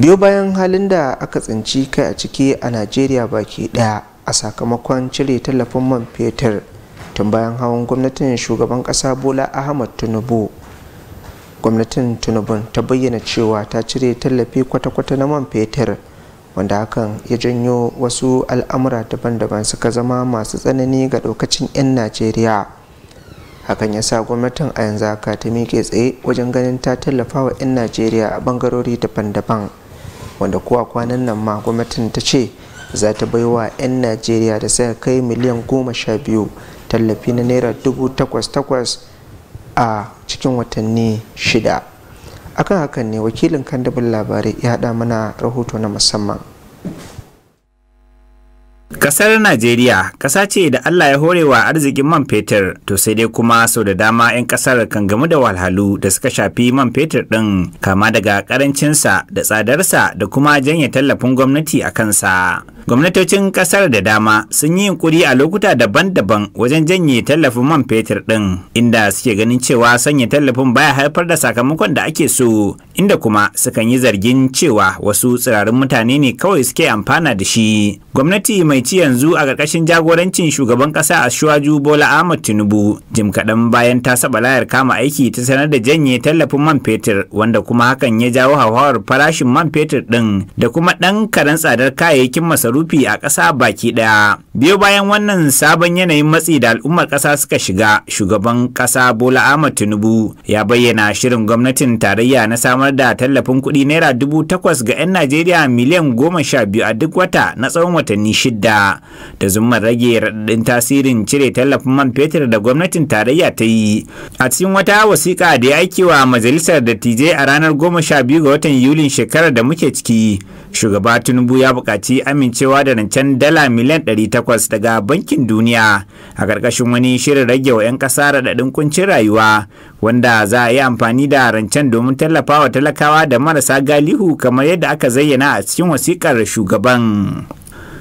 biyo bayan halin da aka tsinci kai a ciki a najeriya baki daya a sakamakon cire tallafin man fetur tun bayan hawan gwamnatin shugaban kasa bola ahmad tinubu gwamnatin tinubu ta bayyana cewa ta cire tallafi kwata-kwata na man fetur wanda hakan ya janyo wasu al'amura daban-daban suka zama masu tsanani ga ɗaukacin 'yan najeriya hakan ya sa gwamnatin a yanzu haka ta miƙe tsaye wajen ganin ta tallafa wa 'yan najeriya a bangarori daban-daban wanda kuwa kwanan nan ma gwamnatin ta ce za ta wa 'yan najeriya da sai kai miliyan goma sha biyu tallafi na naira dubu takwas takwas a cikin watanni shida akan hakan ne wakilin kandabin labarai ya haɗa mana rahoto na musamman Kasar Najeriya kasa ce da Allah ya hore wa arzikin man fetur to sai dai kuma sau da dama 'yan kasar kan gamu da walhalu da suka shafi man fetur ɗin kama daga ƙarancinsa da tsadarsa da kuma janye tallafin gwamnati a kansa. Gwamnatocin kasar da dama sun yi yunkuri a lokuta daban-daban wajen janye tallafin man fetur ɗin inda suke ganin cewa sanya tallafin baya haifar da sakamakon da ake so inda kuma sukan yi zargin cewa wasu tsirarin mutane ne kawai suke amfana da shi. Gwamnati mai ci yanzu a ƙarƙashin jagorancin shugaban ƙasa a Shuwaju Bola Ahmad Tinubu jim kaɗan bayan ta saba layar kama aiki ta sanar da janye tallafin man fetur wanda kuma hakan ya jawo hauhawar farashin man fetur ɗin da kuma ɗan karen tsadar kayayyakin masarufi rufi a ƙasa baki ɗaya. Biyo bayan wannan sabon yanayin matsi da al'ummar ƙasa suka shiga, shugaban ƙasa Bola Ahmad Tinubu ya bayyana shirin gwamnatin tarayya na samar da tallafin kuɗi naira dubu takwas ga 'yan Najeriya miliyan goma sha biyu a duk wata na tsawon watanni shida Da zumar rage raɗaɗin tasirin cire tallafin man fetur da gwamnatin tarayya ta yi. A cikin wata wasiƙa da ya aiki wa majalisar dattijai a ranar goma sha biyu ga watan Yulin shekarar da muke ciki, shugaba Tinubu ya buƙaci amincewa amincewa da rancen dala miliyan 800 daga bankin duniya a ƙarƙashin wani shirin rage wa 'yan ƙasa raɗaɗin kuncin rayuwa wanda za a yi amfani da rancen domin tallafa wa talakawa da marasa galihu kamar yadda aka zayyana a cikin wasiƙar shugaban.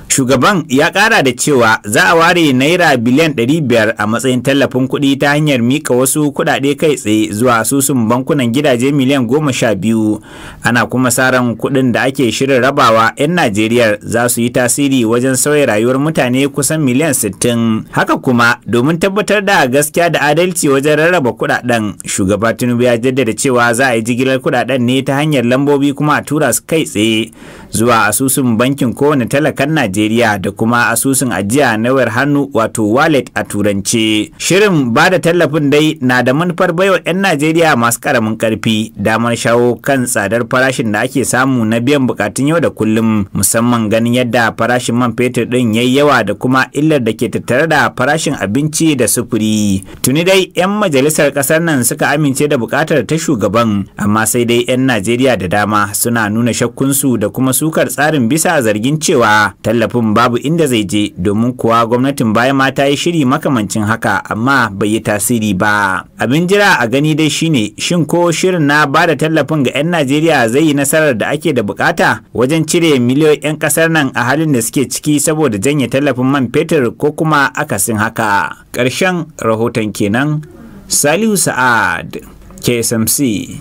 Shugaban ya kara da cewa za a ware naira biliyan 500 a matsayin tallafin kuɗi ta hanyar mika wasu kuɗaɗe kai tsaye zuwa asusun bankunan gidaje miliyan 12. Ana kuma saran kuɗin da ake shirin rabawa 'yan Najeriya za su yi tasiri wajen sauya rayuwar mutane kusan miliyan 60. Haka kuma domin tabbatar da gaskiya da adalci wajen rarraba kuɗaɗen, shugaba Tinubu ya jaddada cewa za a yi jigilar kuɗaɗen ne ta hanyar lambobi kuma a tura su kai tsaye. zuwa asusun bankin kowane talakan Najeriya da kuma asusun ajiya na wayar hannu wato wallet a turance. Shirin ba da tallafin dai na da manufar baiwa 'yan Najeriya masu karamin karfi damar shawo kan tsadar farashin da ake samu na biyan bukatun yau da kullum musamman ganin yadda farashin man fetur din yayi yawa da kuma illar da ke tattare da farashin abinci da sufuri. Tuni dai 'yan majalisar ƙasar nan suka amince da bukatar ta shugaban amma sai dai 'yan Najeriya da dama suna nuna shakkunsu da kuma su sukar tsarin bisa zargin cewa tallafin babu inda zai je domin kuwa gwamnatin baya ma ta yi shiri makamancin haka amma bai yi tasiri ba. Abin jira a gani dai shine shin ko shirin na ba da tallafin ga 'yan Najeriya zai yi nasarar da ake da bukata wajen cire miliyoyin 'yan kasar nan a halin da suke ciki saboda janye tallafin man fetur ko kuma akasin haka. Ƙarshen rahoton kenan Salihu Sa'ad KSMC.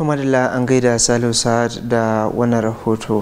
da an gaida salo sa'ad da wannan rahoto